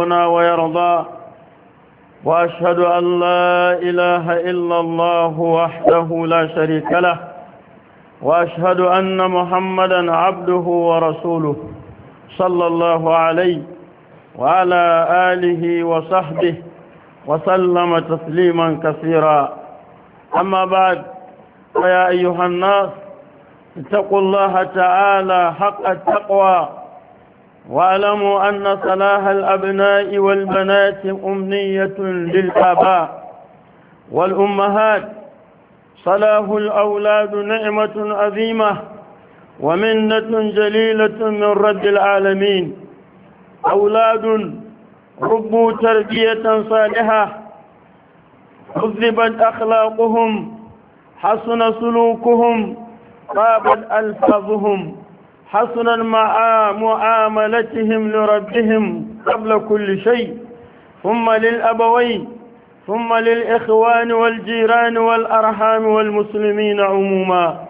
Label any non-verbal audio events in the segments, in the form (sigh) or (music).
ربنا ويرضى وأشهد أن لا إله إلا الله وحده لا شريك له وأشهد أن محمدا عبده ورسوله صلى الله عليه وعلى آله وصحبه وسلم تسليما كثيرا أما بعد فيا أيها الناس اتقوا الله تعالى حق التقوى واعلموا أن صلاح الأبناء والبنات أمنية للآباء والأمهات صلاح الأولاد نعمة عظيمة ومنة جليلة من رب العالمين أولاد ربوا تربية صالحة حذبت أخلاقهم حسن سلوكهم طابت ألفاظهم حسنا مع معاملتهم لربهم قبل كل شيء ثم للأبوين ثم للإخوان والجيران والأرحام والمسلمين عموما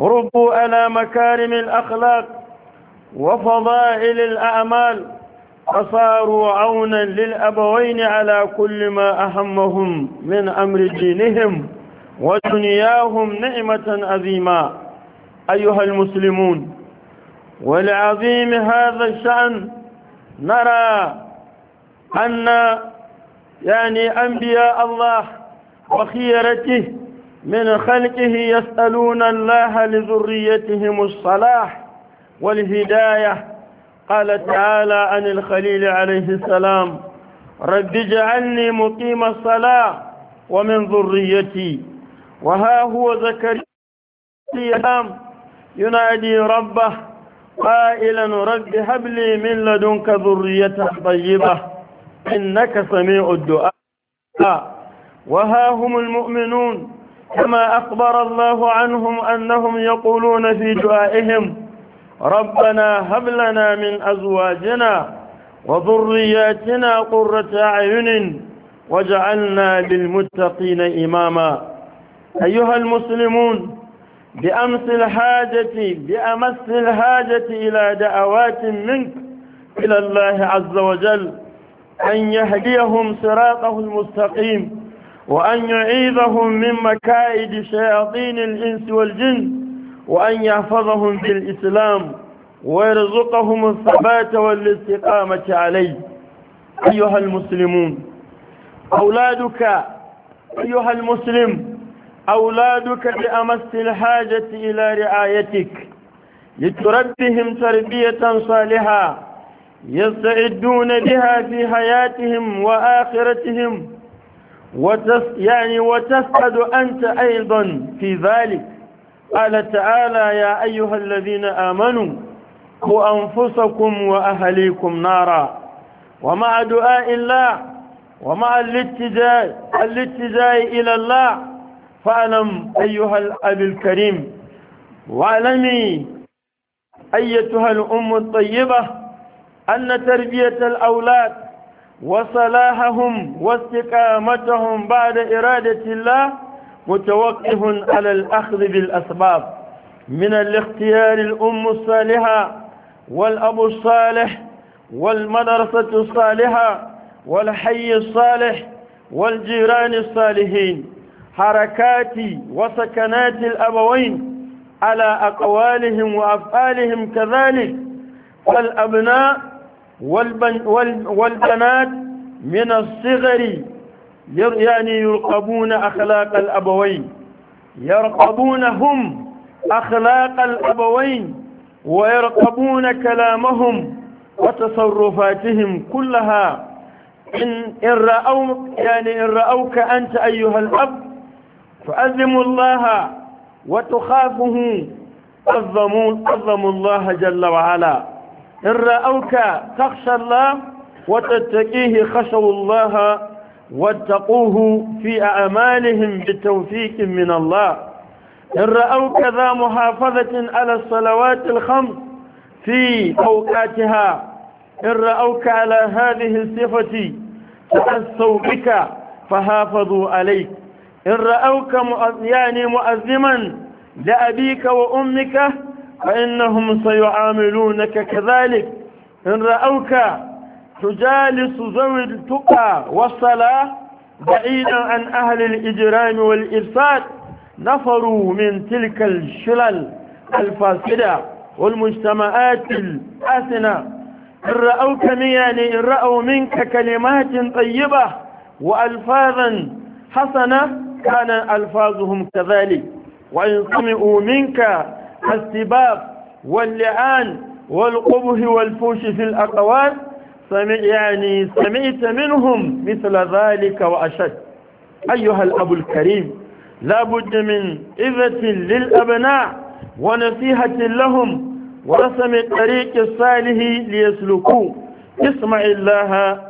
ربوا على مكارم الأخلاق وفضائل الأعمال فصاروا عونا للأبوين على كل ما أهمهم من أمر دينهم ودنياهم نعمة أذيما أيها المسلمون ولعظيم هذا الشأن نرى أن يعني أنبياء الله وخيرته من خلقه يسألون الله لذريتهم الصلاح والهداية قال تعالى عن الخليل عليه السلام رب اجعلني مقيم الصلاة ومن ذريتي وها هو زكريا ينادي ربه قائلا رب هب لي من لدنك ذرية طيبة إنك سميع الدعاء وها هم المؤمنون كما أخبر الله عنهم أنهم يقولون في دعائهم ربنا هب لنا من أزواجنا وذرياتنا قرة أعين وجعلنا للمتقين إماما أيها المسلمون بأمس الحاجة بأمس الحاجة إلى دعوات منك إلى الله عز وجل أن يهديهم صراطه المستقيم وأن يعيذهم من مكائد شياطين الإنس والجن وأن يحفظهم في الإسلام ويرزقهم الثبات والاستقامة عليه أيها المسلمون أولادك أيها المسلم أولادك بأمس الحاجة إلى رعايتك لتربهم تربية صالحة يستعدون بها في حياتهم وآخرتهم وتس يعني وتسعد أنت أيضا في ذلك قال تعالى يا أيها الذين آمنوا أنفسكم وأهليكم نارا ومع دعاء الله ومع الاتجاه, الاتجاه إلى الله فاعلم أيها الأب الكريم واعلمي أيتها الأم الطيبة أن تربية الأولاد وصلاحهم واستقامتهم بعد إرادة الله متوقف على الأخذ بالأسباب من الاختيار الأم الصالحة والأب الصالح والمدرسة الصالحة والحي الصالح والجيران الصالحين حركات وسكنات الأبوين على أقوالهم وأفعالهم كذلك فالأبناء والبنات من الصغر يعني يرقبون أخلاق الأبوين يرقبون هم أخلاق الأبوين ويرقبون كلامهم وتصرفاتهم كلها إن, إن رأوك يعني إن رأوك أنت أيها الأب فعظموا الله وتخافه عظموا عظموا الله جل وعلا إن رأوك تخشى الله وتتقيه خشوا الله واتقوه في أعمالهم بتوفيق من الله إن رأوك ذا محافظة على الصلوات الخمس في أوقاتها إن رأوك على هذه الصفة تأسوا بك فحافظوا عليك إن رأوك يعني مؤذما لأبيك وأمك فإنهم سيعاملونك كذلك إن رأوك تجالس ذوي التقى والصلاة بعيدا عن أهل الإجرام والإفساد نفروا من تلك الشلل الفاسدة والمجتمعات الآثنة إن رأوك يعني إن رأوا منك كلمات طيبة وألفاظا حسنة كان ألفاظهم كذلك وإن سمعوا منك السباب واللعان والقبه والفوش في الأقوال سمع يعني سمعت منهم مثل ذلك وأشد أيها الأب الكريم لا بد من إذة للأبناء ونصيحة لهم ورسم الطريق الصالح ليسلكوه اسمع الله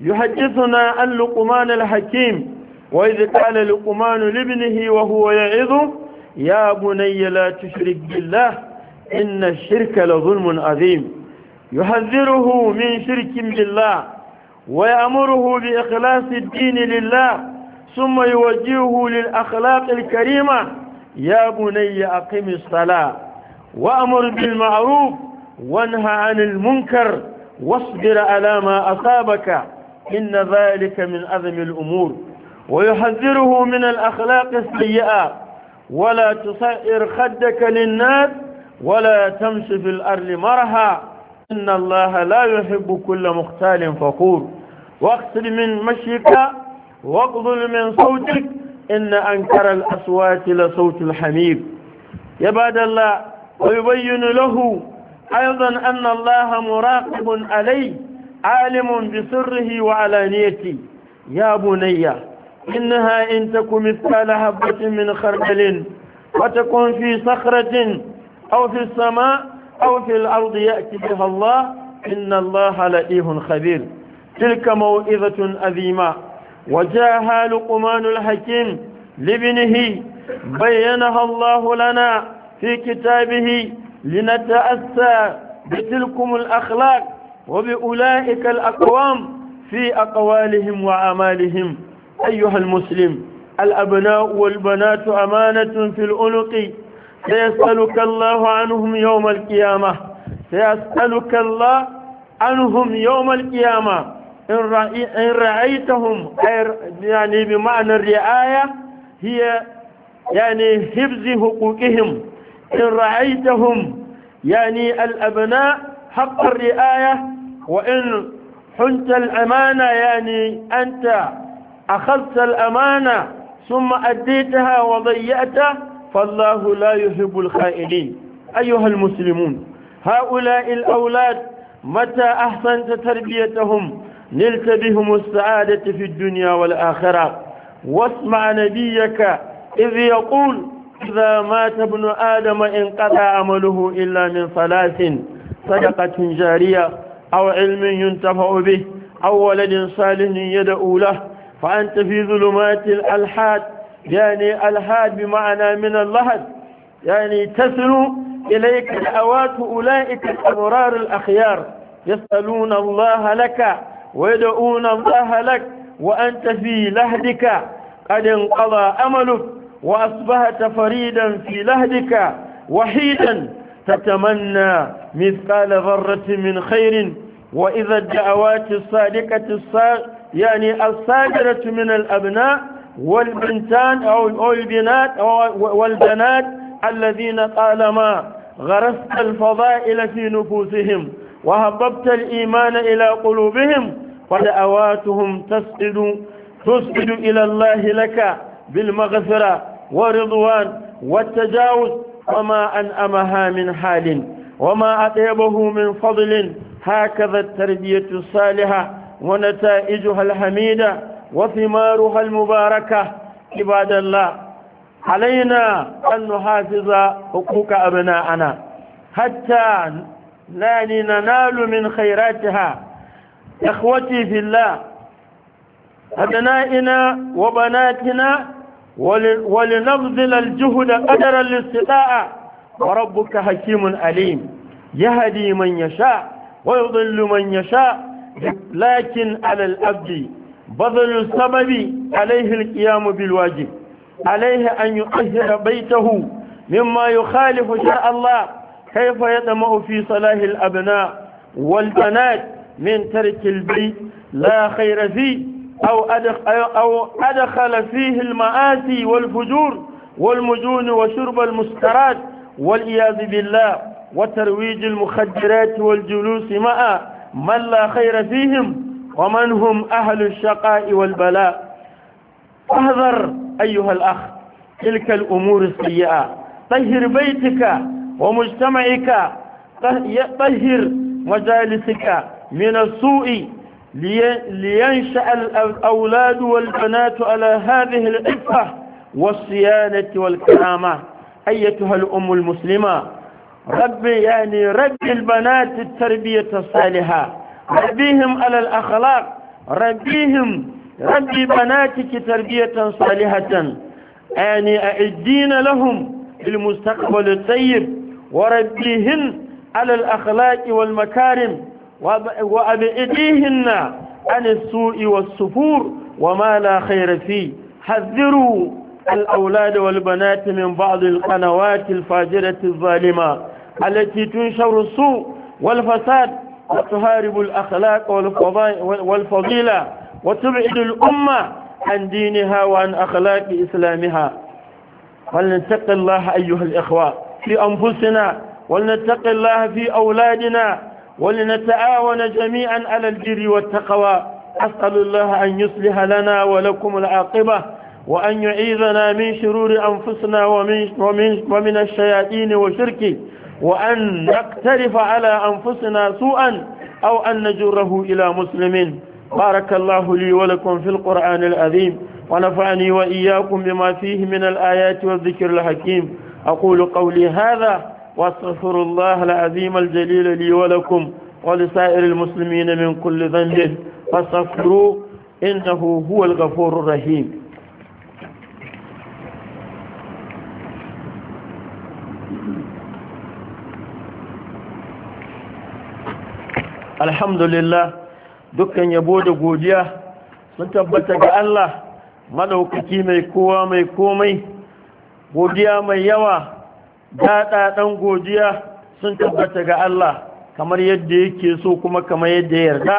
يحدثنا عن لقمان الحكيم وإذ قال لقمان لابنه وهو يعظه يا بني لا تشرك بالله إن الشرك لظلم عظيم يحذره من شرك بالله ويأمره بإخلاص الدين لله ثم يوجهه للأخلاق الكريمة يا بني أقم الصلاة وأمر بالمعروف وانهى عن المنكر واصبر على ما أصابك إن ذلك من عظم الأمور ويحذره من الأخلاق السيئة ولا تصئر خدك للناس ولا تمشي في الأرض مرها إن الله لا يحب كل مختال فخور واغسل من مشيك واغضل من صوتك إن أنكر الأصوات لصوت الحميد يا بعد الله ويبين له أيضا أن الله مراقب عليه عالم بسره وعلانيته يا بني إنها إن تك مثال حبة من خردل وتكون في صخرة أو في السماء أو في الأرض يأتي بها الله إن الله لئيه خبير تلك موئذة أذيمة وجاءها لقمان الحكيم لابنه بينها الله لنا في كتابه لنتأسى بتلكم الأخلاق وبأولئك الأقوام في أقوالهم وأعمالهم أيها المسلم الأبناء والبنات أمانة في الأنق سيسألك الله عنهم يوم القيامة سيسألك الله عنهم يوم القيامة إن رأيتهم يعني بمعنى الرعاية هي يعني حفظ حقوقهم إن رأيتهم يعني الأبناء حق الرعاية وإن حنت الأمانة يعني أنت أخذت الأمانة ثم أديتها وضيعتها فالله لا يحب الخائنين أيها المسلمون هؤلاء الأولاد متى أحسنت تربيتهم نلت بهم السعادة في الدنيا والآخرة واسمع نبيك إذ يقول إذا مات ابن آدم انقطع عمله إلا من ثلاث صدقة جارية أو علم ينتفع به أو ولد صالح يدعو له فأنت في ظلمات الألحاد يعني ألحاد بمعنى من اللحد يعني تصل إليك دعوات أولئك الأبرار الأخيار يسألون الله لك ويدعون الله لك وأنت في لهدك قد انقضى أملك وأصبحت فريدا في لهدك وحيدا تتمنى مثقال ذرة من خير وإذا الدعوات الصادقة الصادقة يعني الصادرة من الأبناء والبنتان أو البنات أو والبنات الذين طالما غرست الفضائل في نفوسهم وهببت الإيمان إلى قلوبهم فدعواتهم تسعد تسعد إلى الله لك بالمغفرة ورضوان والتجاوز وما أنأمها من حال وما أطيبه من فضل هكذا التربية الصالحة ونتائجها الحميدة وثمارها المباركة عباد الله علينا أن نحافظ حقوق أبناءنا حتى لا ننال من خيراتها إخوتي في الله أبنائنا وبناتنا ولنبذل الجهد قدر الاستطاعة وربك حكيم أليم يهدي من يشاء ويضل من يشاء لكن على الأبد بذل السبب عليه القيام بالواجب عليه أن يؤهل بيته مما يخالف شاء الله كيف يطمع في صلاح الأبناء والبنات من ترك البيت لا خير فيه أو أدخل, أو أدخل فيه المآسي والفجور والمجون وشرب المسكرات والعياذ بالله وترويج المخدرات والجلوس معه من لا خير فيهم ومن هم أهل الشقاء والبلاء احذر أيها الأخ تلك الأمور السيئة طهر بيتك ومجتمعك طهر مجالسك من السوء لينشأ الأولاد والبنات على هذه العفة والصيانة والكرامة أيتها الأم المسلمة ربي يعني ربي البنات التربية الصالحة ربيهم على الأخلاق ربيهم ربي بناتك تربية صالحة يعني أعدين لهم المستقبل الطيب وربيهن على الأخلاق والمكارم وأبعديهن عن السوء والسفور وما لا خير فيه حذروا الأولاد والبنات من بعض القنوات الفاجرة الظالمة التي تنشر السوء والفساد وتهارب الأخلاق والفضيلة وتبعد الأمة عن دينها وعن أخلاق إسلامها فلنتقي الله أيها الإخوة في أنفسنا ولنتق الله في أولادنا ولنتعاون جميعا على البر والتقوى أسأل الله أن يصلح لنا ولكم العاقبة وأن يعيذنا من شرور أنفسنا ومن, ومن, ومن الشياطين وشركه وأن نقترف على أنفسنا سوءا أو أن نجره إلى مسلم بارك الله لي ولكم في القرآن العظيم ونفعني وإياكم بما فيه من الآيات والذكر الحكيم أقول قولي هذا واستغفر الله العظيم الجليل لي ولكم ولسائر المسلمين من كل ذنب فاستغفروه إنه هو الغفور الرحيم alhamdulillah dukkan yabo da godiya sun tabbata ga Allah madaukaki mai kowa mai komai godiya mai yawa daɗaɗen godiya sun tabbata ga Allah kamar yadda yake so kuma kamar yadda yarda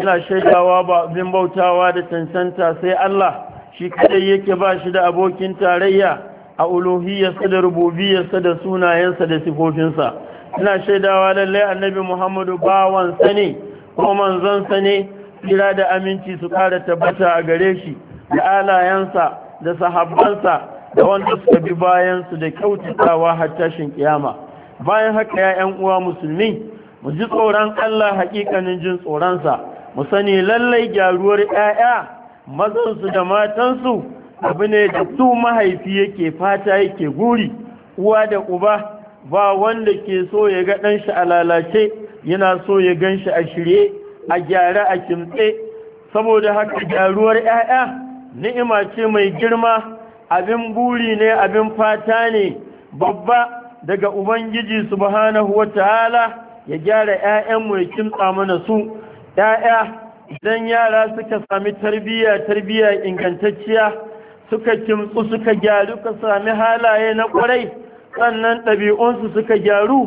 ina shaidawa ba abin bautawa da cancanta sai Allah shi kadai yake ba shi da abokin tarayya a uluhiyarsa da rububiyarsa da sunayensa da sifofinsa ina shaidawa lallai annabi muhammadu bawansa ne ko sa ne kira da aminci su kara tabbata a gare shi da alayensa da sahabbansa da wanda suka bi bayansu da kyautatawa har tashin kiyama bayan haka ya yan uwa musulmi mu ji tsoron Allah hakikanin jin tsoronsa mu sani lallai gyaruwar 'ya'ya mazansu da matansu abu ne da su mahaifi yake fata yake guri uwa da uba ba wanda ke so ya ga ɗanshi a lalace yana so ya ganshi a shirye a gyara a kimtse saboda haka gyaruwar 'ya'ya ni'ima ce mai girma abin buri ne abin fata ne babba daga ubangiji subhanahu wata'ala ya gyara 'ya'yanmu ya kimtsa mana su 'ya'ya idan yara suka sami tarbiyya tarbiyya ingantacciya suka kimtsu suka gyaru ka sami halaye na ƙwarai sannan ɗabi'unsu suka gyaru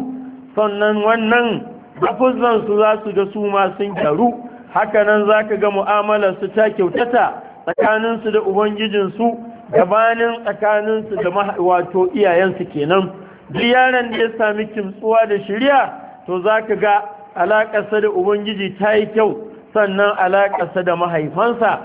sannan wannan lafuzansu za su ga su ma sun gyaru hakanan za ka ga mu'amalarsu ta kyautata tsakaninsu da ubangijinsu gabanin tsakaninsu da wato iyayensu kenan duk yaron da ya sami kimtsuwa da shirya to za ka ga alaƙarsa da ubangiji ta yi kyau sannan alaƙarsa da mahaifansa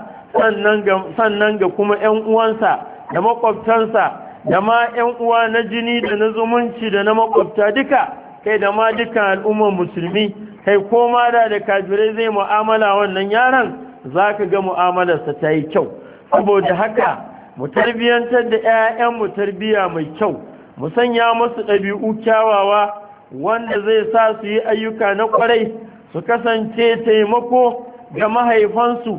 sannan ga kuma 'yan uwansa da maƙwabtansa da ma 'yan uwa na jini da na zumunci da na makwabta duka kai da ma dukkan al'ummar musulmi kai ko ma da da kajirai zai mu'amala wannan yaron za ka ga mu'amalarsa ta yi kyau saboda haka mu tarbiyyantar da yayan mu tarbiyya mai kyau mu sanya musu ɗabi'u kyawawa wanda zai sa su yi ayyuka na ƙwarai su kasance taimako ga mahaifansu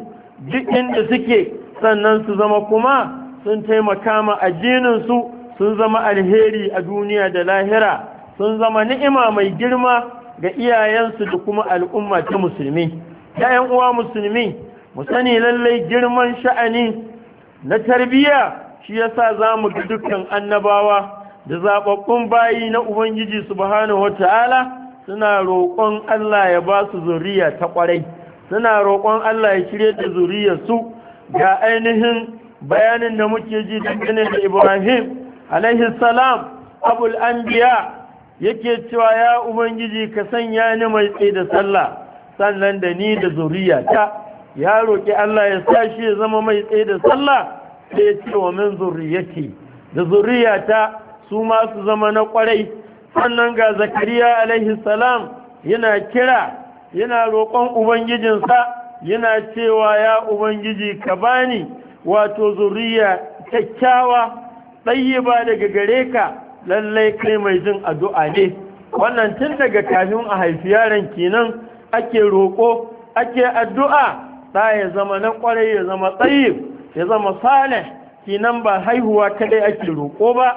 duk inda suke sannan su zama kuma sun taimaka ma addininsu sun zama alheri a duniya da lahira sun zama ni'ima mai girma ga iyayensu da kuma al'umma ta musulmi ‘ya'yan uwa musulmi mu sani lallai girman sha'ani na tarbiyya shi yasa za mu ga dukkan annabawa da zaɓaɓɓun bayi na ubangiji subhanahu wata'ala suna roƙon Allah ya ba su zuriya ta ƙwarai suna roƙon Allah ya kire da su ga ainihin bayanin da muke ji dangane da ibrahim alaihi salam abul anbiya yake cewa ya ubangiji ka sanya ni mai tsaye da sallah sannan da ni da zuriyata ya roƙi Allah ya sa shi ya zama mai tsaye da sallah sai ya ce wa min zuriyati da zuriyata su ma su zama na kwarai. sannan ga zakariya alaihi salam yana kira yana roƙon ubangijinsa yana cewa ya ubangiji ka bani wato zuriya kyakkyawa ba daga gare ka lallai kai mai jin addu'a ne wannan tun daga kafin a haifi yaron kenan ake roƙo ake addu'a ta ya zama na ƙwarai ya zama tsayi ya zama salih kenan ba haihuwa kaɗai ake roƙo ba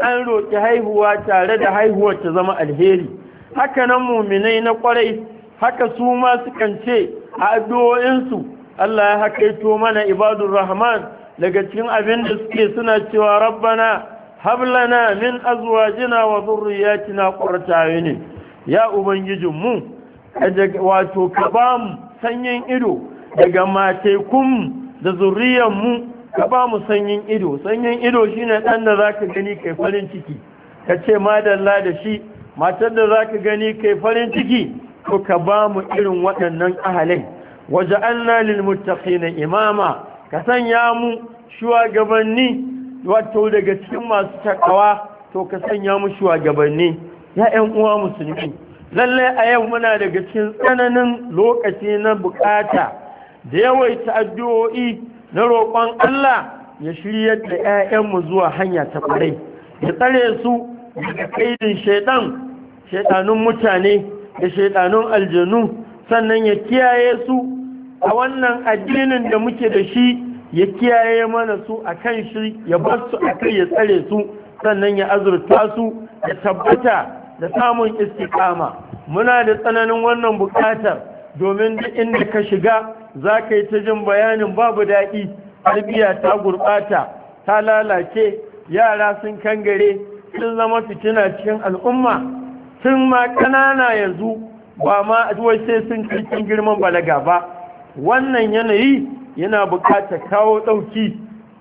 an roƙi haihuwa tare da haihuwar ta zama alheri haka nan muminai na ƙwarai haka su ma sukan ce a addu'o'insu Allah ya hakaito mana ibadun rahman daga cikin abin da suke suna cewa rabbana hablana min azwajina wa zurriyatina qurrata ayuni ya mu, wato ka ba mu sanyin ido daga matekun da mu, ka ba mu sanyin ido sanyin ido shine dan da zaka gani kai farin ciki ka ce madalla da shi matar da zaka gani kai farin ciki to ka ba mu irin waɗannan ahalai waja'alna lil muttaqina imama ka sanya mu shugabanni wato daga cikin masu takawa to ka sanya mu shugabanni ya ƴan uwa musulmi Lallai a yau muna daga cikin tsananin lokaci na bukata da yawaita addu'o'i na roƙon Allah ya shiryar da ‘ya'yanmu zuwa hanya ta ƙwarai ya tsare su daga kaidin shaidan shaidanun mutane da shaiɗanun aljanu sannan ya kiyaye su a wannan addinin da muke da shi ya kiyaye mana su a kan shi ya bar su a kai ya tsare su sannan ya azurta su ya tabbata da samun istiqama muna da tsananin wannan buƙatar domin duk inda ka shiga za ka yi ta jin bayanin babu daɗi tarbiyya ta gurɓata ta lalace yara sun kangare sun zama fitina cikin al'umma sun ma ƙanana yanzu ba ma wai sun kai girman balaga ba wannan yanayi yana bukata kawo ɗauki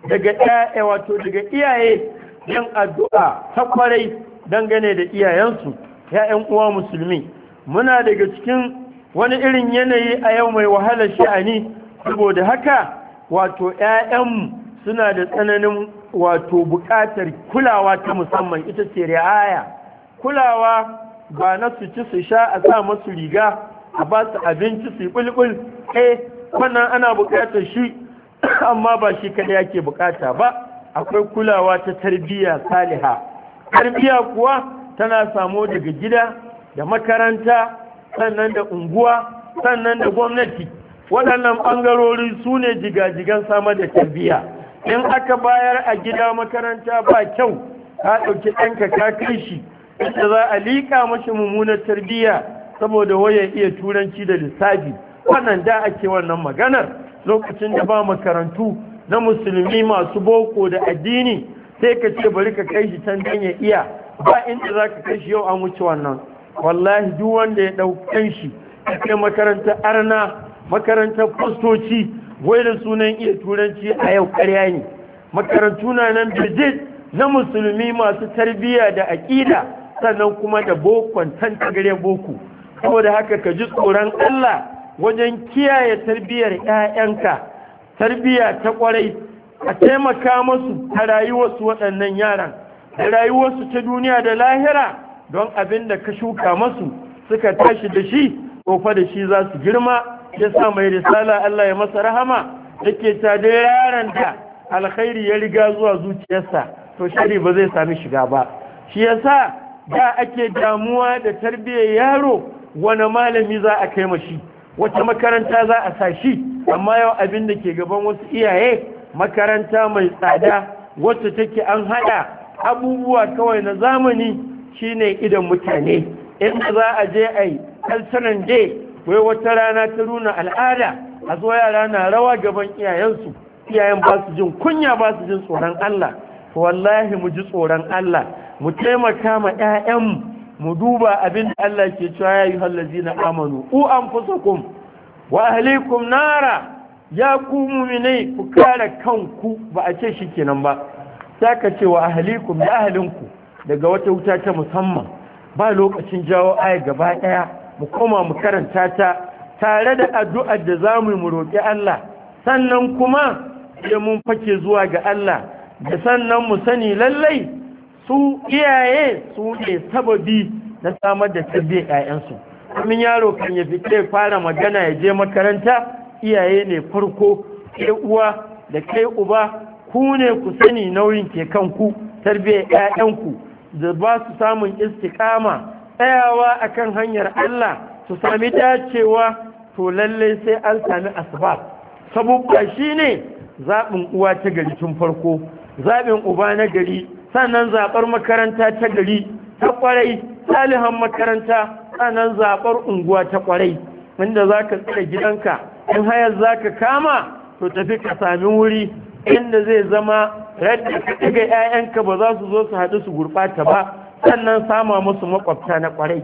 daga ɗaya wato daga iyaye yan addu'a ta kwarai dangane da iyayensu ‘ya'yan uwa musulmi muna daga cikin wani irin yanayi a yau mai wahalar sha'ani saboda haka wato ‘ya'yanmu suna da tsananin wato buƙatar kulawa ta musamman ita ce ri'aya kulawa ba na su ci su sha a sa masu riga a ba su abinci su yi bulbul eh wannan ana buƙatar shi (coughs) amma ba shi kada yake buƙata ba akwai kulawa ta tarbiyya saliha tarbiyya kuwa tana samo daga gida da makaranta sannan da unguwa sannan da gwamnati waɗannan ɓangarori su ne jigajigan samar da tarbiyya in aka bayar a gida makaranta ba kyau ka ɗauki ɗanka ka kai shi inda za a liƙa mashi mummunar tarbiyya saboda wayan iya turanci da lissafi wannan da ake wannan maganar lokacin da ba makarantu na musulmi masu boko da addini sai ka ce bari ka kai shi can dan ya iya ba inda za ka kai shi yau an wuce wannan wallahi duk wanda ya ɗaukan shi ka kai makarantar arna makarantar fastoci wai da sunan iya turanci a yau ƙarya ne makarantu na nan birjit na musulmi masu tarbiyya da aƙida sannan kuma da bokon tantagare boko saboda haka ka ji tsoron Allah wajen kiyaye tarbiyyar 'ya'yanka tarbiyya ta ƙwarai a taimaka masu ta rayuwarsu waɗannan yaran da rayuwarsu ta duniya da lahira don abin da ka shuka masu suka tashi da shi kofa da shi za su girma ya sa mai risala Allah ya masa rahama yake ta da yaran da alkhairi ya riga zuwa zuciyarsa to shari ba zai sami shiga ba shi yasa da ake damuwa da tarbiyyar yaro wani malami za a kai mashi wata makaranta za a sa shi amma yau abin da ke gaban wasu iyaye makaranta mai tsada wacce take an hada abubuwa kawai na zamani shine idan mutane inda za a je a yi kalsanan je wai wata rana ta nuna al'ada a zo yara na rawa gaban iyayensu iyayen ba su jin kunya ba su jin tsoron Allah wallahi mu ji tsoron Allah mu taimaka ma 'ya'yanmu mu duba abin da Allah ke cewa ya yi hallazi na amanu u an kun wa ahlikum nara ya ku muminai ku kare kanku ba a ce shi kenan ba ta ka ce wa ahlikum da ahalinku daga wata wuta ta musamman ba lokacin jawo aya gaba ɗaya, mu koma mu karanta ta tare da addu'ar da za mu roƙi Allah sannan kuma ya mun fake zuwa ga Allah da sannan mu sani lallai su iyaye su ne sababi na samar da tarbiyyar 'ya'yansu kamin yaro kan ya fita fara magana ya je makaranta iyaye ne farko ke uwa da kai uba ku ne ku sani nauyin ke kanku tarbiyyar 'ya'yanku da ba su samun istiqama tsayawa akan hanyar Allah su sami dacewa to lallai sai an sami asbab sabubba shine zaɓin uwa ta gari tun farko zaɓin uba na gari sannan zaɓar makaranta ta gari ta ƙwarai salihan makaranta sannan zaɓar unguwa ta ƙwarai wanda za ka tsira gidanka in hayar za ka kama to tafi ka sami wuri inda zai zama radda ka ɗaga 'ya'yanka ba za su zo su haɗu su gurɓata ba sannan sama musu makwabta na ƙwarai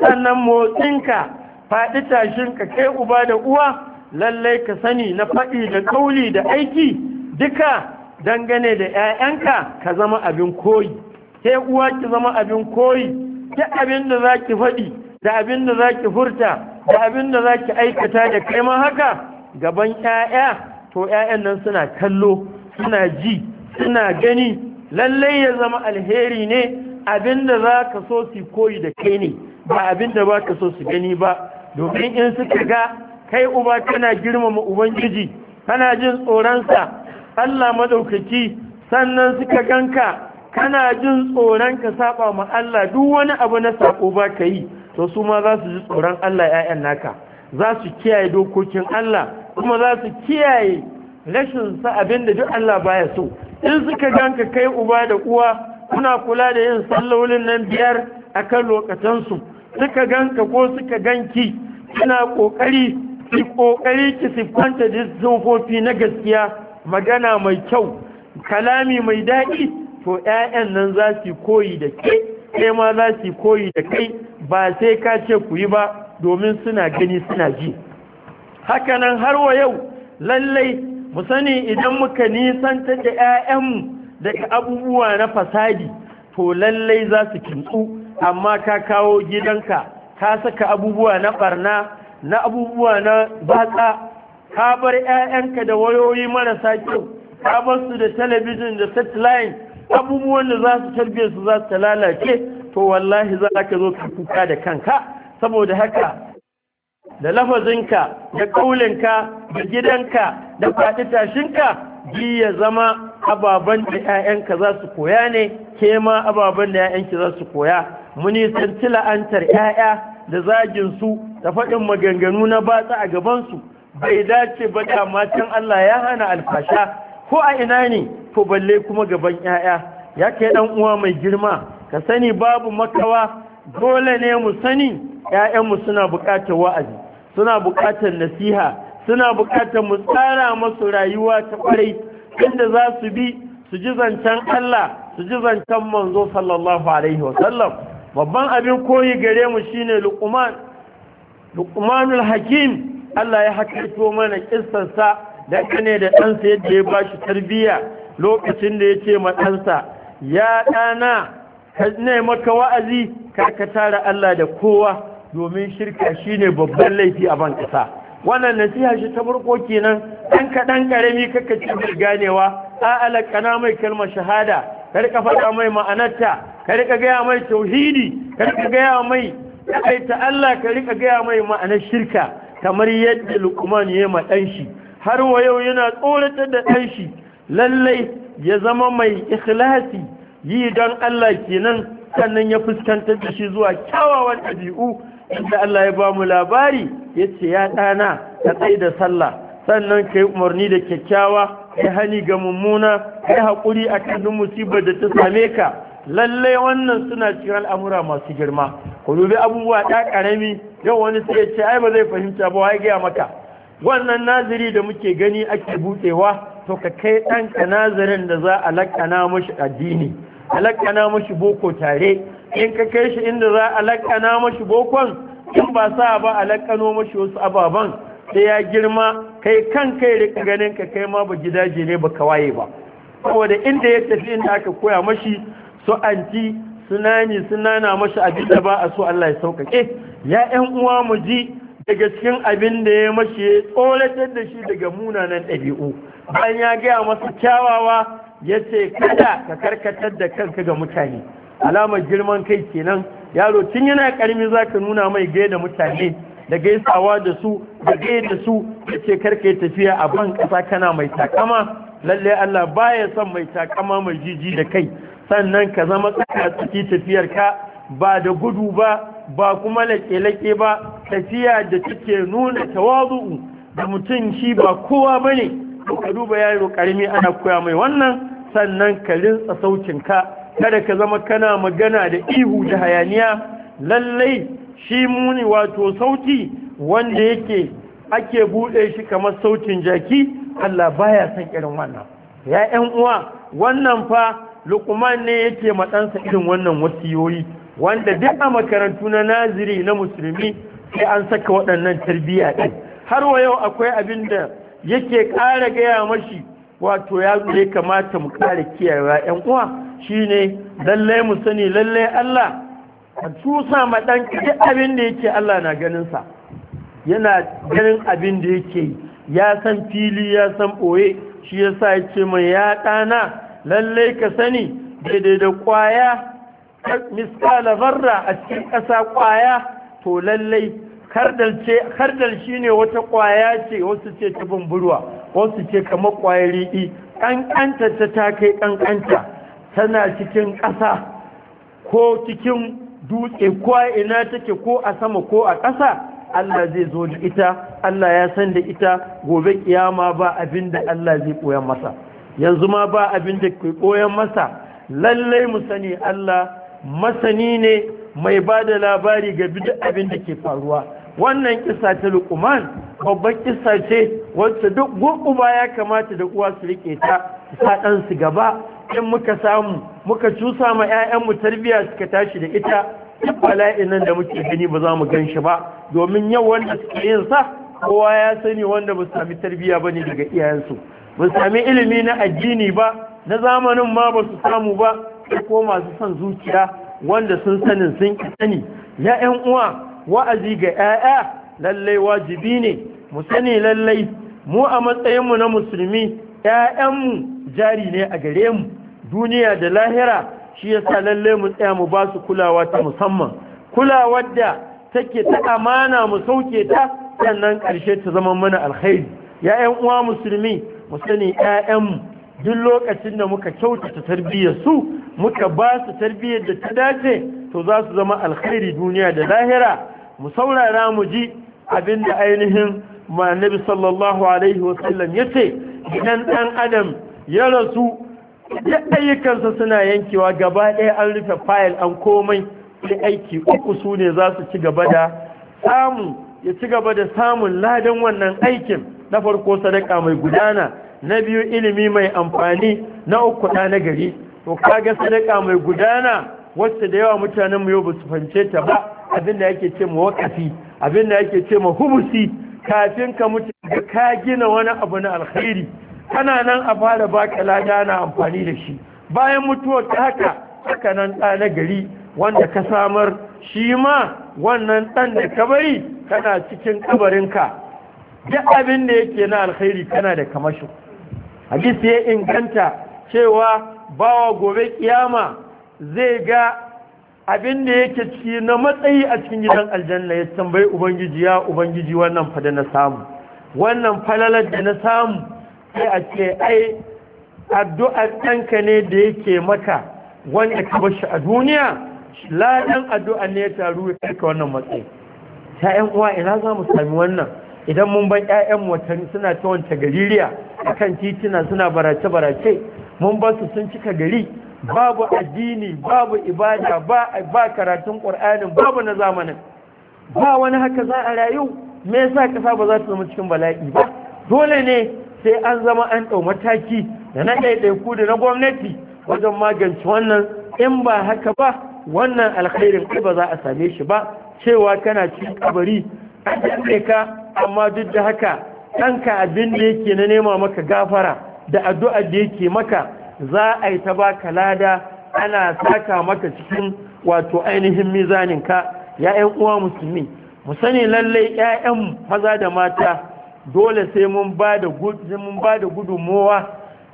sannan motsinka faɗi tashinka kai uba da uwa lallai ka sani na faɗi da kauli da aiki duka dangane da 'ya'yanka ka zama abin koyi sai uwa ki zama abin koyi ta abin da za ki faɗi da abin da za ki furta da abin da za ki aikata da kai ma haka gaban 'ya'ya to 'ya'yan nan suna kallo suna ji suna gani lallai ya zama alheri ne abin da za ka so su koyi da kai ne ba abin da ba ka so su gani ba domin in suka ga kai uba kana girmama ubangiji kana jin tsoronsa Allah madaukaki sannan suka ganka kana jin tsoron ka saba ma Allah duk wani abu na sako ba ka yi to su ma za su ji tsoron Allah 'yayan naka za su kiyaye dokokin Allah kuma za su kiyaye rashin sa abinda duk Allah baya so in suka ganka kai uba da uwa kuna kula da yin sallolin nan biyar akan su suka ganka ko suka ganki kina kokari ki kokari ki sifanta da zofofi na gaskiya magana mai kyau kalami mai daɗi to 'ya'yan nan za su koyi da kai kai ma za su koyi da kai ba sai ka ce ku yi ba domin suna gani suna ji Haka nan har wa yau lallai mu sani idan muka nisanta da 'ya'yanmu daga abubuwa na fasadi to lallai za su kintsu amma ka kawo gidanka ka saka abubuwa na barna na abubuwa na batsa ka bar 'ya'yanka da wayoyi marasa kyau ka bar su da talabijin da satellite abubuwan da za su tarbiyyar su za su ta lalace to wallahi za ka zo ka kuka da kanka saboda haka da lafazinka da kaulinka da gidanka da faɗi tashinka ji ya zama ababen da 'ya'yanka za su koya ne ke ma ababen da 'ya'yanki za su koya muni santi antar 'ya'ya da zaginsu da faɗin maganganu na batsa a gabansu bai dace ba da matan Allah ya hana alfasha ko a ina ne ko balle kuma gaban 'ya'ya ya kai dan uwa mai girma ka sani babu makawa dole ne mu sani 'ya'yanmu suna buƙatar wa'azi suna buƙatar nasiha suna buƙatar mu tsara masu rayuwa ta ƙwarai inda za su bi su ji zancen Allah su ji zancen manzo sallallahu alaihi wasallam babban abin koyi gare mu shine luqman luqmanul hakim Allah ya ito mana ƙistarsa da kane da ɗansa yadda ya ba shi tarbiyya lokacin da ya ce ma ɗansa ya ɗana ka ne maka wa'azi ka tara Allah da kowa domin shirka shine babban laifi a ban ƙasa wannan nasiha shi ta farko kenan ɗan kaɗan ƙarami kaka ce mai ganewa a alaƙana mai kalmar shahada "Kar ka faɗa mai ma'anarta ka gaya mai tauhidi ka gaya mai ta Allah ka rika gaya mai ma'anar shirka kamar yadda lukman ya ma ɗanshi, shi har wa yau yana tsoratar da ɗan shi lallai ya zama mai ikhlasi yi don Allah kenan sannan ya fuskantar da shi zuwa kyawawan ɗabi'u inda Allah ya ba mu labari ya ce ya ɗana ka tsaye da sallah sannan ka yi umarni da kyakkyawa ya hani ga mummuna ka haƙuri a kan musibar da ta same ka lallai wannan suna cikin al'amura masu girma ku dubi abubuwa ɗa ƙarami yau wani sai ya ce ai ba zai fahimta ba wai gaya maka wannan naziri da muke gani ake buɗewa to ka kai ka nazarin da za a lakana mashi addini a lakana mashi boko tare in ka kai shi inda za a lakana mashi bokon in ba sa ba a lakano mashi wasu ababan. sai ya girma kai kan kai rika ganin ka kai ma ba gidaje ne ba ka waye ba saboda inda ya tafi inda aka koya mashi su anti sunani sunana mashi abin ba a so Allah ya sauƙaƙe ya ‘yan uwa mu ji daga cikin abin da ya mashi tsoratar da shi daga munanan ɗabi'u bayan ya gaya masa kyawawa ya ce kada ka karkatar da kanka ga mutane alamar girman kai kenan yaro tun yana karmi za ka nuna mai gai da mutane da gaisawa da su da gai da su ya ce karka yi tafiya a ban ƙasa kana mai takama lallai Allah baya son mai takama mai jiji da kai sannan ka zama tsaka tsaki tafiyar ka ba da gudu ba ba kuma laƙe-laƙe ba tafiya da take nuna tawazu'u da mutum shi ba kowa ba ne ka duba yaro ƙarami ana koya mai wannan sannan ka rinsa ka. kada ka zama kana magana da ihu da hayaniya lallai shi muni wato sauti wanda yake ake buɗe shi kamar sautin jaki Allah baya son irin wannan ya uwa wannan fa lukman ne yake matsansa irin wannan wasiyoyi wanda duk a makarantu na naziri na musulmi sai an saka waɗannan tarbiyya ɗin har wa yau akwai abin da yake ƙara gaya mashi wato ya zuwa kamata mu ƙara kiyayewa 'yan uwa shine lallai mu sani lallai Allah A tusa ma ɗan duk abin da yake Allah na ganinsa yana ganin abin da yake ya san fili ya san ɓoye shi yasa ya ce mai ya ɗana lallai ka sani daidai da ƙwaya miskala zarra a cikin ƙasa ƙwaya to lallai kardal shi ne wata ƙwaya ce wasu ce ta bumburwa wasu ce kamar ƙwayar riɗi ƙanƙanta ta ta kai ƙanƙanta tana cikin ƙasa ko cikin dutse ko ina take ko a sama ko a ƙasa Allah zai zo da ita Allah ya san da ita gobe kiyama ba abin da Allah zai koyan masa yanzu ma ba abin da ke koyan masa lallai mu sani Allah masani ne mai ba da labari ga duk abin da ke faruwa wannan kisa ta lukuman babban kisa ce wacce duk ba ya kamata da uwa su rike ta sa su gaba in muka samu muka cusa ma 'ya'yanmu tarbiyya suka tashi da ita duk bala'in nan da muke gani ba za mu ganshi ba domin yau wanda suke yin sa kowa ya sani wanda ba sami tarbiyya ba ne daga iyayensu ba sami ilimi na addini ba na zamanin ma ba su samu ba sai ko masu son zuciya wanda sun sanin sun ƙi sani ya ƴan uwa wa'azi ga ƴaƴa lallai wajibi ne mu sani lallai mu a matsayin mu na musulmi ƴaƴanmu jari ne a gare mu duniya da lahira shi yasa lallai mu tsaya mu ba su kulawa ta musamman kulawar da take ta amana mu sauke ta sannan ƙarshe ta zama mana alkhairi ya ƴan uwa musulmi mu sani ƴaƴanmu duk lokacin da muka kyautata tarbiyyar su muka ba su tarbiyyar da ta dace to za su zama alkhairi duniya da lahira mu saurara mu ji abin da ainihin manabi sallallahu alaihi wasallam ya ce idan ɗan adam ya rasu da ayyukansa suna yankewa gaba ɗaya an rufe fayil an komai sai aiki uku su ne za su ci gaba da samu ya ci gaba da samun ladan wannan aikin na farko sadaka mai gudana na biyu ilimi mai amfani na uku ɗa na gari to ka ga sadaka mai gudana wacce da yawa mutanenmu yau ba su ta ba Abinda da yake ce ma wakafi abin da yake ce ma hubusi kafin ka mutu ka gina wani abu na alkhairi kana nan a fara baka lada na amfani da shi bayan mutuwar ta haka haka nan ɗa na gari wanda ka samar shi ma wannan ɗan da ka bari kana cikin kabarinka duk abin da yake na alkhairi kana da kamasho hadisi ya inganta cewa bawa gobe kiyama zai ga abin da yake ci na matsayi a cikin gidan aljanna ya tambayi ubangiji ya ubangiji wannan fada na samu wannan falalar da na samu sai a ce ai addu'ar ɗanka ne da yake maka wanda ka bashi a duniya ladan addu'a ne ya taru ya kai wannan matsayi ta uwa ina za mu sami wannan idan mun bar 'ya'yan watanni suna ta wanta galiriya akan titina suna barace-barace mun ba su sun cika gari babu addini babu ibada ba ba karatun qur'anin babu na zamanin ba wani haka za a rayu me yasa kasa ba za ta zama cikin bala'i ba dole ne sai an zama an ɗau mataki da na ku da na gwamnati wajen magance wannan in ba haka ba wannan alkhairin ba za a same shi ba cewa kana cikin kabari an ka amma duk da haka ɗanka abin da yake na nema maka gafara da addu'ar da yake maka za a yi ta baka lada ana saka maka cikin wato ainihin mizaninka ya'yan uwa musulmi mu sani lallai ya'yan maza da mata dole sai mun ba da gudunmowa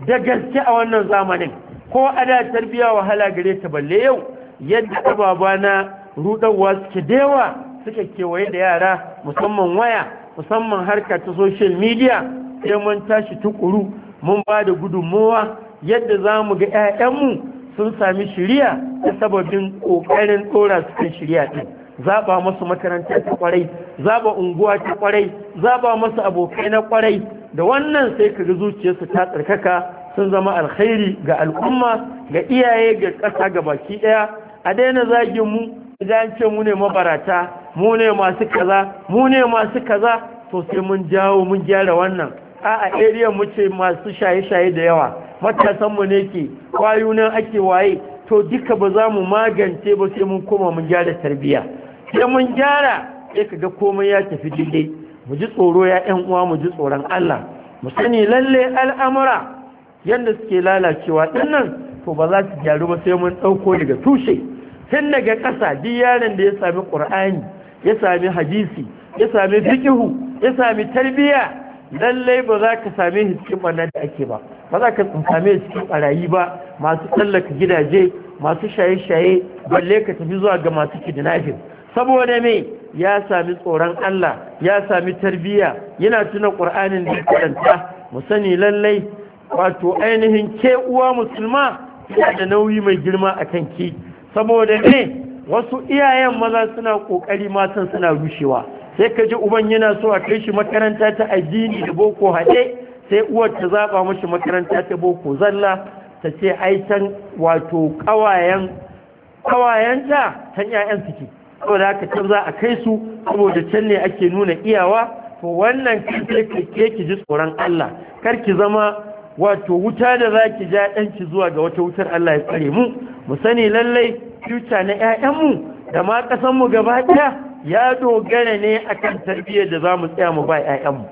da gaske a wannan zamanin ko a da tarbiya wahala gare ta balle yau yadda ababa na rudarwa suke dewa suke kewaye da yara musamman waya musamman harka ta social media sai mun tashi tukuru mun ba da gudunmowa yadda za mu ga 'ya'yanmu sun sami shirya ta sababin ƙoƙarin tsora su kan shirya ɗin zaɓa masu makaranta ta ƙwarai zaɓa unguwa ta ƙwarai zaɓa masu abokai na ƙwarai da wannan sai ka ga zuciyarsu ta tsarkaka sun zama alkhairi ga al'umma ga iyaye ga ƙasa ga baki ɗaya a daina zagin mu idan ce mu ne mabarata mu ne masu kaza mu masu kaza to sai mun jawo mun gyara wannan a a ariyar mu ce masu shaye-shaye da yawa matasan mu ne ke kwayunan ake waye to duka ba za mu magance ba sai mun koma mun gyara tarbiyya sai mun gyara sai ga komai ya tafi daidai mu ji tsoro ya 'yan uwa mu ji tsoron Allah mu sani lalle al'amura yanda suke lalacewa dinnan to ba za su gyaru ba sai mun ɗauko daga tushe tun daga ƙasa duk yaron da ya sami ƙur'ani ya sami hadisi ya sami fikihu ya sami tarbiyya lallai ba za ka same shi cikin ɓanna da ake ba ba za ka same shi cikin ɓarayi ba masu tsallaka gidaje masu shaye-shaye balle ka tafi zuwa ga masu kidnapping saboda me ya sami tsoron Allah ya sami tarbiyya yana tuna Qur'anin da karanta mu sani lallai wato ainihin ke uwa musulma yana da nauyi mai girma a ki. saboda me wasu iyayen maza suna ƙoƙari, matan suna rushewa sai ka ji uban yana so a kai shi makaranta ta addini da boko haɗe sai uwar ta zaɓa mashi makaranta ta boko zalla ta ce aitan wato ƙawayen ƙawayenta ta ƴaƴan suke saboda haka can za a kai su saboda can ne ake nuna iyawa to wannan ke ki ji tsoron Allah kar ki zama wato wuta da za ki ja ɗanki zuwa ga wata wutar Allah ya tsare mu mu sani lallai future na ƴaƴanmu, da ma ƙasanmu gaba ɗaya ya dogara ne akan tarbiyyar da zamu tsaya mu ba ƴaƴanmu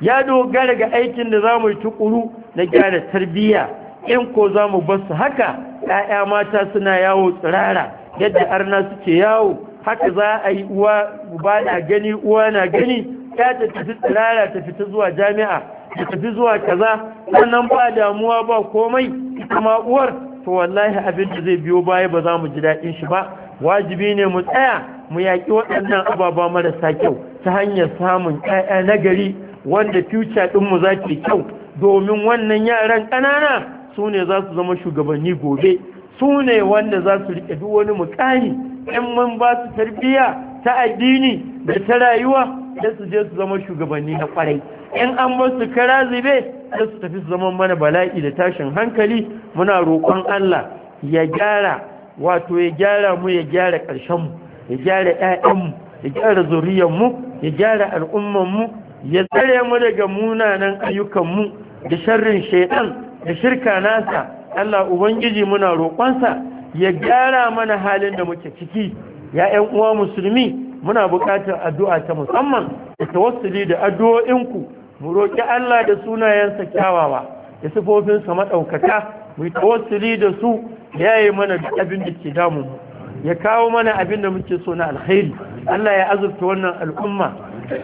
ya dogara ga aikin da za mu yi tukuru na gyara tarbiyya in ko zamu bar su haka ƴaƴa mata suna yawo tsirara yadda arna suke yawo haka za a yi uwa ba na gani uwa na gani ya ta tafi tsirara ta fita zuwa jami'a ta tafi zuwa kaza wannan ba damuwa ba komai ita ma uwar to wallahi abin da zai biyo baya ba za mu ji daɗin shi ba wajibi ne mu tsaya mu yaƙi waɗannan ababa marasa kyau ta hanyar samun ƴaƴa nagari wanda future ɗinmu za ta kyau domin wannan yaran ƙanana su ne za su zama shugabanni gobe su ne wanda za su riƙe duk wani mukami in mun ba su tarbiyya ta addini da ta rayuwa da su je su zama shugabanni na kwarai in an ba su kara zube da su tafi su zama mana bala'i da tashin hankali muna roƙon Allah ya gyara wato ya gyara mu ya gyara mu. ya gyara ƴaƴanmu ya gyara zuriyanmu, ya gyara al'ummanmu, ya tsare mu daga munanan ayyukanmu da sharrin shaidan da shirka nasa Allah ubangiji muna roƙonsa ya gyara mana halin da muke ciki ya ƴan uwa musulmi muna buƙatar addu'a ta musamman da tawassuli da addu'o'inku mu roƙi Allah da sunayensa kyawawa da sifofinsa maɗaukata mu tawassuli da su yayi mana duk abin da ke damu ya kawo mana abin da muke so na alkhairi Allah ya azurta wannan al'umma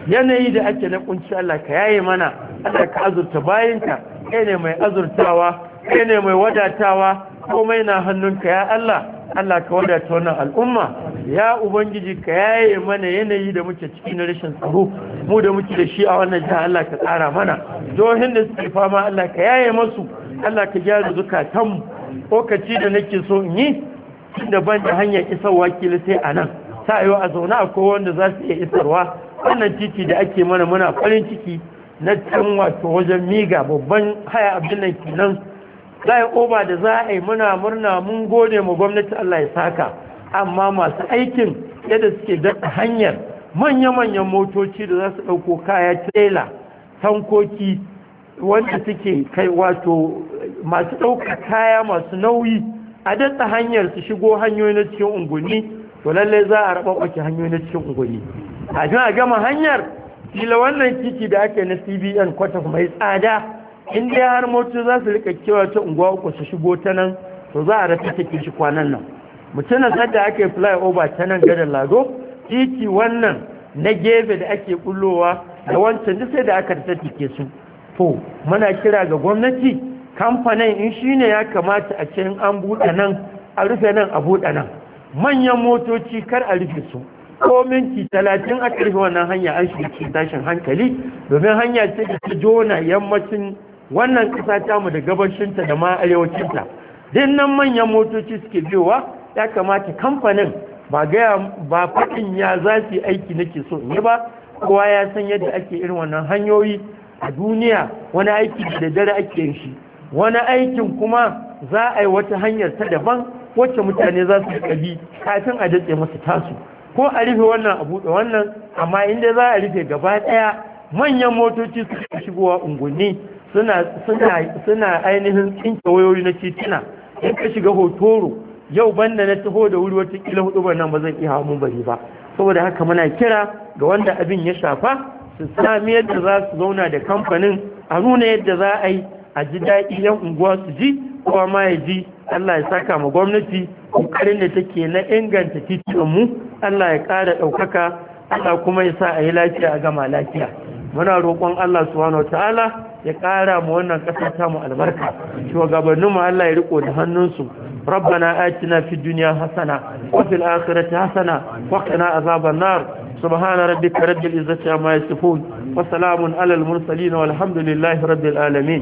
yanayi da ake na kunci Allah ka yaye mana Allah ka azurta bayinka kai ne mai azurtawa kai ne mai wadatawa komai na hannunka ya Allah Allah ka wadata wannan al'umma ya ubangiji ka yaye mana yanayi da muke ciki na rashin tsaro mu da muke da shi a wannan jiha Allah ka tsara mana jihohin da suke fama Allah ka yaye masu Allah ka gyara zukatanmu lokaci da nake so in yi inda ban da hanyar isarwa kila sai a nan ta yi a zaune akwai wanda za su iya isarwa wannan titi da ake mana muna farin ciki na can wato wajen miga babban haya abin nan kenan za oba da za a yi muna murna mun gode ma gwamnati Allah ya saka amma masu aikin yadda suke dasa hanyar manya-manyan motoci da za su ɗauko kaya trailer tankoki wanda suke kai wato masu ɗauka kaya masu nauyi a datsa hanyar su shigo hanyoyi na cikin unguni to lallai za a raba ɓace hanyoyi na cikin unguni kafin a gama hanyar fila wannan titi da ake na cbn kwata mai tsada in dai har motoci za su rika cewa ta unguwa uku su shigo ta nan to za a rasa take shi kwanan nan mutumin sadda aka yi over ta nan gadar lado titi wannan na gefe da ake kullowa da wancan duk sai da aka rasa su to muna kira ga gwamnati kamfanin in shi ne ya kamata a ce an buɗe nan a rufe nan a buɗe nan manyan motoci kar a rufe su ko minti talatin a ƙarfi wannan hanya an shi tashin hankali domin hanya ce da ta jona yammacin wannan ƙasa ta mu da gabashinta da ma arewacinta din nan manyan motoci suke biyowa ya kamata kamfanin ba gaya ba faɗin ya za su aiki nake so ne ba kowa ya san yadda ake irin wannan hanyoyi a duniya wani aiki da dare ake yin shi wani aikin kuma za a yi wata hanyar ta daban wacce mutane za su kabi kafin a datse masu tasu ko a rufe wannan a buɗe wannan amma inda za a rufe gaba ɗaya manyan motoci su shigowa unguwanni suna ainihin tsinke wayoyi na titina in ka shiga hotoro yau banda na taho da wuri wata kila hudu ba nan ba zan iya mun bari ba saboda haka muna kira ga wanda abin ya shafa su sami yadda za su zauna da kamfanin a nuna yadda za a yi a ji daɗi yan unguwa su ji kuma ma ya ji Allah ya saka ma gwamnati ƙoƙarin da take na inganta titinmu Allah ya ƙara ɗaukaka Allah kuma ya sa a yi lafiya a gama lafiya muna roƙon Allah subhanahu ta'ala ya ƙara mu wannan ƙasa ta mu albarka shugabannin mu Allah ya riko da hannunsu rabbana atina fid dunya hasana wa fil akhirati hasana wa qina azaban nar سبحان ربك رب العزة عما يصفون وسلام على المرسلين والحمد لله رب العالمين